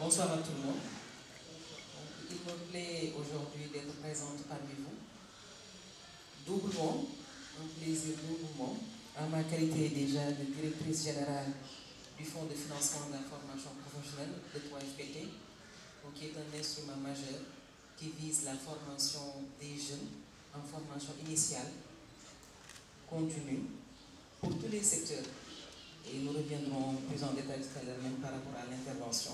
Bonsoir à tout le monde. il me plaît aujourd'hui d'être présente parmi vous. Doublement, un plaisir doublement, À ma qualité déjà de directrice générale du Fonds de financement de la formation professionnelle de 3FPT, qui est un instrument majeur qui vise la formation des jeunes en formation initiale, continue, pour tous les secteurs. Et nous reviendrons plus en détail tout à l'heure même par rapport à l'intervention.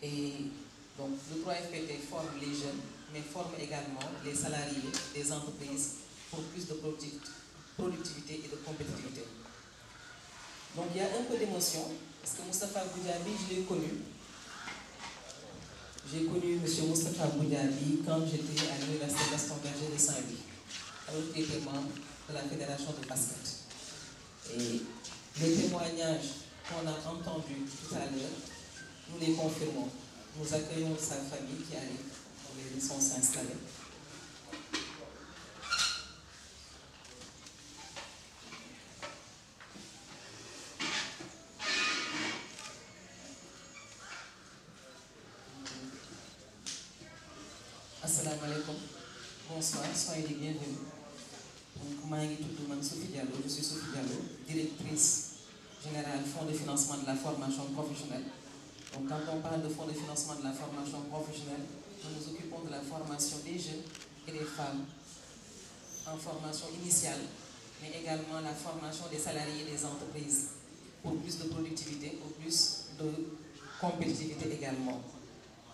Et donc le 3FPT forme les jeunes, mais forme également les salariés des entreprises pour plus de productivité et de compétitivité. Donc il y a un peu d'émotion, parce que Moustapha Goudjabi, je l'ai connu, j'ai connu M. Moustapha Bouyadi quand j'étais à l'Université Gaston Berger de Saint-Louis, un autre était de la Fédération de basket. Et les témoignages qu'on a entendus tout à l'heure, nous les confirmons. Nous accueillons sa famille qui arrive, on les laissons s'installer. bonsoir soyez les bienvenus je suis Sophie Diallo directrice générale fonds de financement de la formation professionnelle donc quand on parle de fonds de financement de la formation professionnelle nous nous occupons de la formation des jeunes et des femmes en formation initiale mais également la formation des salariés et des entreprises pour plus de productivité pour plus de compétitivité également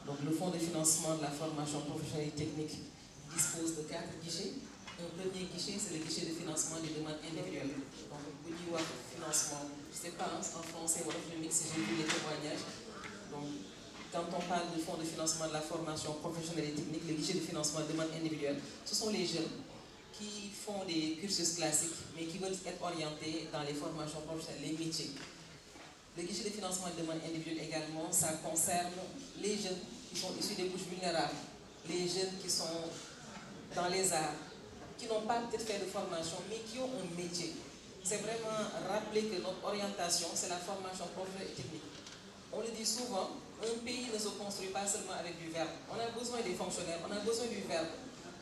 donc le Fonds de financement de la formation professionnelle et technique dispose de quatre guichets. Le premier guichet, c'est le guichet de financement des demandes individuelles. Donc, dites le financement, je ne sais pas hein, en français ou en si j'ai vu les témoignages. Donc, quand on parle du fonds de financement de la formation professionnelle et technique, le guichet de financement des demandes individuelles, ce sont les jeunes qui font des cursus classiques, mais qui veulent être orientés dans les formations professionnelles, les métiers. Le guichet de financement des demandes individuelles également, ça concerne les jeunes qui sont issus des bouches vulnérables, les jeunes qui sont dans les arts, qui n'ont pas peut-être fait de formation, mais qui ont un métier. C'est vraiment rappeler que notre orientation, c'est la formation professionnelle et technique. On le dit souvent, un pays ne se construit pas seulement avec du verbe. On a besoin des fonctionnaires, on a besoin du verbe.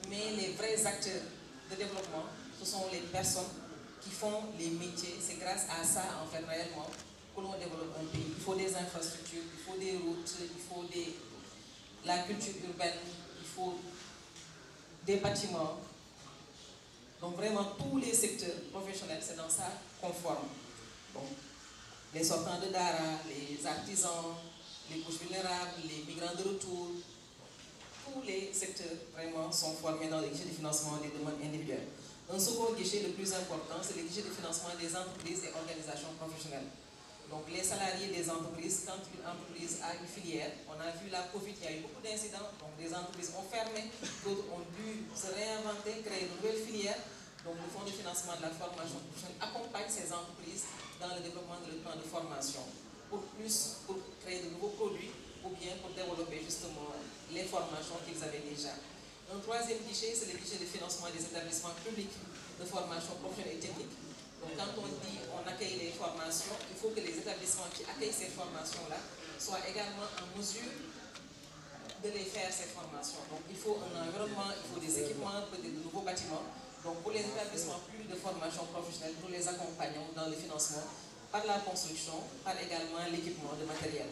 Mais les vrais acteurs de développement, ce sont les personnes qui font les métiers. C'est grâce à ça, en fait, réellement, que l'on développe un pays. Il faut des infrastructures, il faut des routes, il faut des la culture urbaine, il faut des bâtiments. Donc vraiment tous les secteurs professionnels, c'est dans ça qu'on forme. Les sortants de Dara, les artisans, les couches vulnérables, les migrants de retour, tous les secteurs vraiment sont formés dans les guichets de financement des demandes individuelles. Un second guichet le plus important, c'est le guichet de financement des entreprises et organisations professionnelles. Donc les salariés des entreprises, quand une entreprise a une filière, on a vu la Covid, il y a eu beaucoup d'incidents, donc des entreprises ont fermé, d'autres ont dû se réinventer, créer de nouvelles filières. Donc le fonds de financement de la formation professionnelle accompagne ces entreprises dans le développement de leur plan de formation, pour plus, pour créer de nouveaux produits ou bien pour développer justement les formations qu'ils avaient déjà. Un troisième guichet, c'est le guichet de financement des établissements publics de formation professionnelle et technique donc quand on dit on accueille les formations, il faut que les établissements qui accueillent ces formations-là soient également en mesure de les faire ces formations. Donc il faut un environnement, il faut des équipements, des nouveaux bâtiments. Donc pour les établissements plus de formation professionnelle, nous les accompagnons dans le financement par la construction, par également l'équipement de matériel.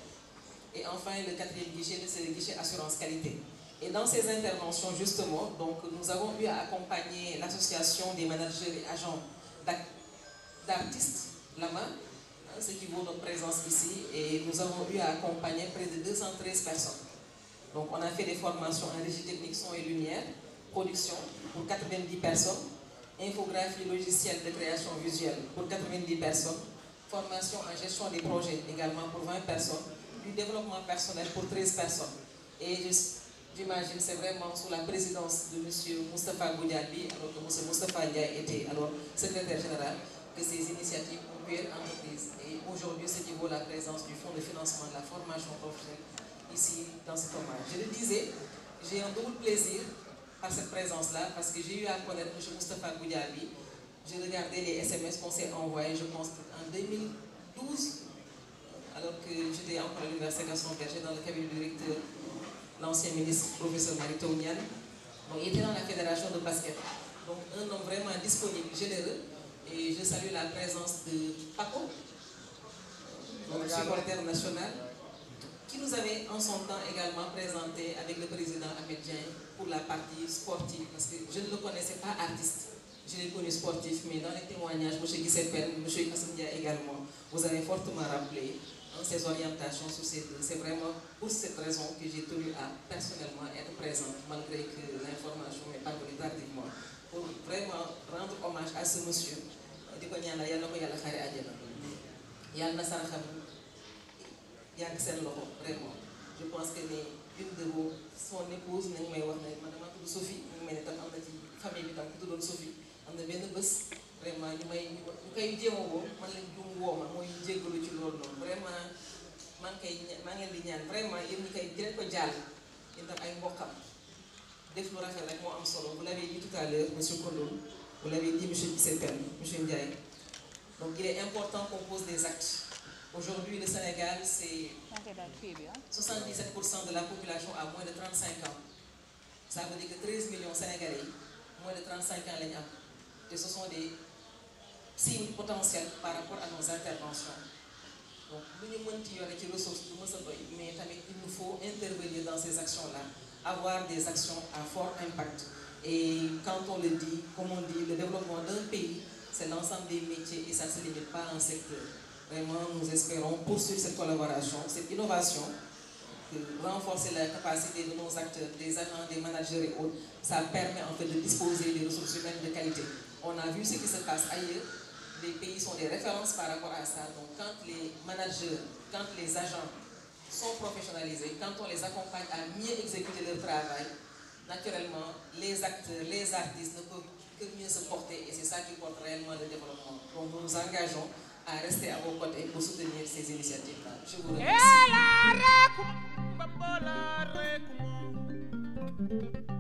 Et enfin, le quatrième guichet, c'est le guichet assurance qualité. Et dans ces interventions, justement, donc, nous avons eu à accompagner l'association des managers et agents d'artistes là-bas, hein, ce qui vaut notre présence ici, et nous avons eu à accompagner près de 213 personnes. Donc on a fait des formations en régie technique son et lumière, production pour 90 personnes, infographie logicielle de création visuelle pour 90 personnes, formation en gestion des projets également pour 20 personnes, du développement personnel pour 13 personnes. Et j'imagine c'est vraiment sous la présidence de M. Moustapha Goudiabi, alors que M. Moustapha a était alors secrétaire général, de ces initiatives pour être Entreprises. Et aujourd'hui, c'est qui vaut la présence du Fonds de financement de la formation professionnelle ici dans ce hommage. Je le disais, j'ai un double plaisir par cette présence-là parce que j'ai eu à connaître M. Moustapha Goudiabi. J'ai regardé les SMS qu'on s'est envoyés, je pense, en 2012, alors que j'étais encore à l'Université Gaston Berger dans le cabinet du directeur, l'ancien ministre, professeur Marie Nian. Bon, il était dans la fédération de basket. Donc, un homme vraiment disponible, généreux, et je salue la présence de Paco, le supporter national, qui nous avait en son temps également présenté avec le président américain pour la partie sportive, parce que je ne le connaissais pas artiste. Je l'ai connu sportif, mais dans les témoignages, M. Guisselper, M. Kassandia également, vous avez fortement rappelé ses ces orientations sur ces deux. C'est vraiment pour cette raison que j'ai tenu à personnellement être présente, malgré que l'information n'est pas parvenue tardivement. pour vraiment rendre hommage à ce monsieur di ko ñaanal yal na ko yàlla xare àjjana yàlla na saraxam yàgg seen loxo vraiment je pense que ni une de vos son may wax man dama tudd Sophie ñu ngi mel ni tam am na ci famille na benn bés vraiment ñu may ñu jéem a woo man woo ma mooy jéggalu ci loolu noonu vraiment maa ngi koy maa ngi leen di ñaan vraiment yéen ñi koy jël ko jàll yéen tam ay mbokkam vous l'avez dit tout à l'heure monsieur Kono. vous l'avez dit monsieur monsieur Ndiaye donc il est important qu'on pose des actes aujourd'hui le Sénégal c'est 77% de la population à moins de 35 ans ça veut dire que 13 millions Sénégalais moins de 35 ans ce sont des signes potentiels par rapport à nos interventions donc nous, ressources mais il nous faut intervenir dans ces actions là avoir des actions à fort impact. Et quand on le dit, comme on dit, le développement d'un pays, c'est l'ensemble des métiers et ça ne se limite pas à un secteur. Vraiment, nous espérons poursuivre cette collaboration, cette innovation, renforcer la capacité de nos acteurs, des agents, des managers et autres. Ça permet en fait de disposer des ressources humaines de qualité. On a vu ce qui se passe ailleurs. Les pays sont des références par rapport à ça. Donc quand les managers, quand les agents sont professionnalisés, quand on les accompagne à mieux exécuter leur travail, naturellement, les acteurs, les artistes ne peuvent que mieux se porter et c'est ça qui porte réellement le développement. Donc nous nous engageons à rester à vos côtés pour soutenir ces initiatives-là. Je vous remercie.